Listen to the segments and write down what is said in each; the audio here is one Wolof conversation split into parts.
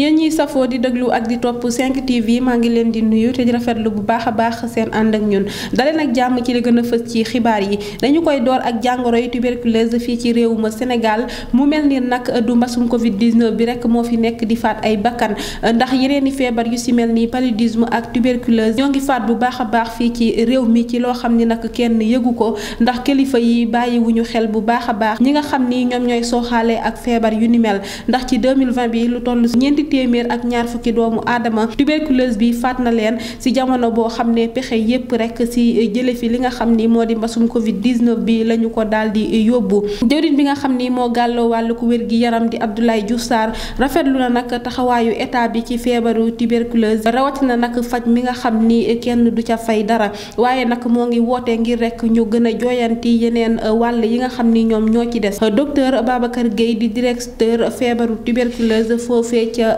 yéen ñiy safoo di déglu ak di topp 5 TV maa ngi leen di nuyu te di rafetlu bu baax a baax seen ànd ak ñun daleen ak jàmm ci li gën a fës ci xibaar yi dañu koy door ak jàngoro yi tuberculose fii ci réew ma Sénégal mu mel ni nag du mbasum Covid 19 bi rek moo fi nekk di faat ay bakkan ndax yeneen i feebar yu si mel ni paludisme ak tuberculose ñoo ngi faat bu baax baax fii ci réew mi ci loo xam ni nag kenn yëgu ko ndax kilifa yi bàyyiwuñu xel bu baax a baax ñi nga xam ni ñoom ñooy sooxaale ak feebar yu ni mel ndax ci 2020 bi lu ñetti téeméer ak ñaar fukki doomu aadama tuberculose bi faat na leen si jamono boo xam ne pexe yépp rek si jële fi li nga xam ni moo di mbasum Covid 19 bi la ñu ko daal di yóbbu jëwriñ bi nga xam ni moo gàlloo wàll ko wér gi yaram di Abdoulaye Diouf Sarr rafetlu na nag taxawaayu état bi ci feebaru tuberculose rawatina nag faj mi nga xam ni kenn du ca fay dara waaye nag moo ngi wootee ngir rek ñu gën a jooyanti yeneen wàll yi nga xam ni ñoom ñoo ci des docteur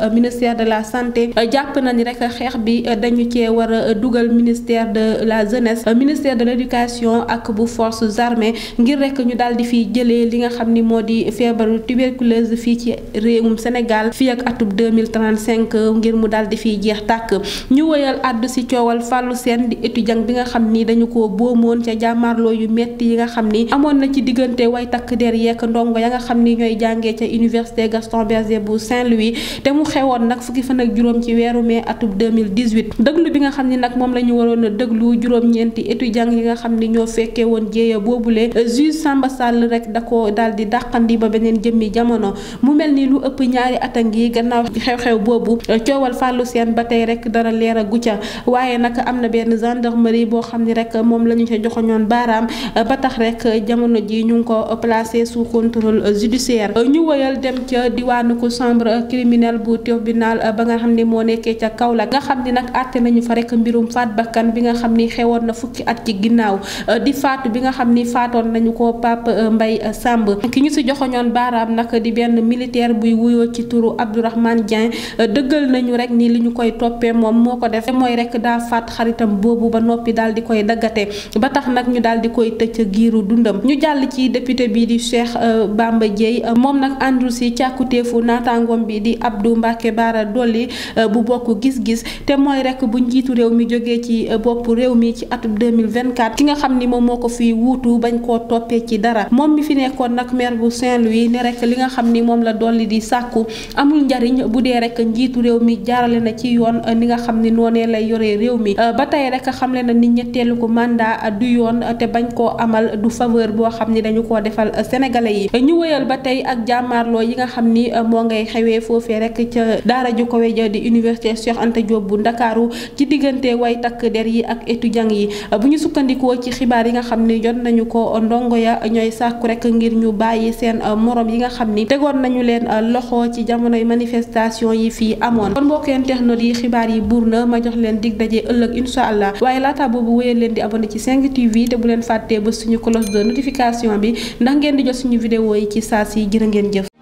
Euh, ministère de la santé euh, jàpp na ni rek xeex bi euh, dañu cee war a dugal ministère de la jeunesse ministère de l' éducation ak bu forces armées ngir rek ñu daal di fi jëlee li nga xam ni moo di feebaru tuberculose fii ci réewum Sénégal fii ak atub 2035 ngir mu daal di fiy jeex tàkk ñu woyal àddu si coowal Fallou Sène di étudiant bi nga xam ni dañu ko boomoon ca jàmmaarloo yu metti yi nga xam ni amoon na ci diggante way takk der yeek ndongo ya nga xam ni ñooy jàngee ca université Gaston xewoon nag fukki fan ak juróom ci weeru mai atub 2018 dëglu bi nga xam ne nag moom la ñu waroon a dëglu juróom-ñeenti étudiant yi nga xam ne ñoo fekkee woon jéeya boobule juge Samba Sall rek da ko dàqandi ba beneen jëmmi jamono mu mel ni lu ëpp ñaari at a ngi gannaaw xew-xew boobu coowal Fallou Sène ba tey rek dara leeragu ca waaye nag am na benn gendarmerie boo xam ni rek moom la ñu ca joxoñoon baaraam ba tax rek jamono ji ñu ngi ko placé sous contrôle judiciaire bu tribunal ba nga xam ne moo nekkee ca Kaolack nga xam ne nag àtte nañu fa rek mbirum faat bakkan bi nga xam ni xewoon na fukki at ci ginnaaw di faatu bi nga xam ni faatoon nañu ko Pape Mbaye Samb ki ñu si joxoñoon baaraam nag di benn militaire buy wuyoo ci turu Abdourahmane Dieng dëggal nañu rek ni li ñu koy toppee moom moo ko defee mooy rek daa faat xaritam boobu ba noppi daal di koy daggate ba tax nag ñu dal di koy tëcc giiru dundam ñu jàll ci député euh, bi di Cheikh Bamba Dièye Mbacke Baara Dolli euh, bu bokk gis-gis te mooy rek bu njiitu réew mi jógee ci euh, bopp réew mi ci atum 2024 ki nga xam ni moom moo ko fi wuutu bañ koo toppee ci dara moom mi fi nekkoon nag maire bu Saint-Louis ne rek li nga xam ni moom la dolli di sàkku amul njariñ bu dee rek njiitu réew mi jaarale na ci yoon euh, ni nga xam ni noonee lay yoree réew mi ba tey rek xamle na ni ñetteelu ko mandat du yoon te bañ koo amal du faveur boo xam ni dañu koo defal sénégalais yi ñu wëyal ba tey ak jàmmaarloo yi nga xam ni moo ngay xewee foofee rek ca daara ju kawe ja di université Cheikh ante Diop bu Ndakaaru ci diggante way takk der yi ak jang yi bu ñu sukkandikoo ci xibaar yi nga xam ni jot nañu ko ndongo ya ñooy sàkku rek ngir ñu bàyyi seen uh, morom yi nga xam ni tegoon nañu leen uh, loxo ci jamonoy manifestation yi fii amoon kon mbokk internautes yi xibaar yi buur na ma jox leen dig daje ëllëg incha allah waaye laata boobu wéyal leen di abonné ci 5TV te bu leen fàttee ba suñu cloche de notification bi ndax ngeen di jot suñu vidéo yi ci saa si jërë ngeen jëf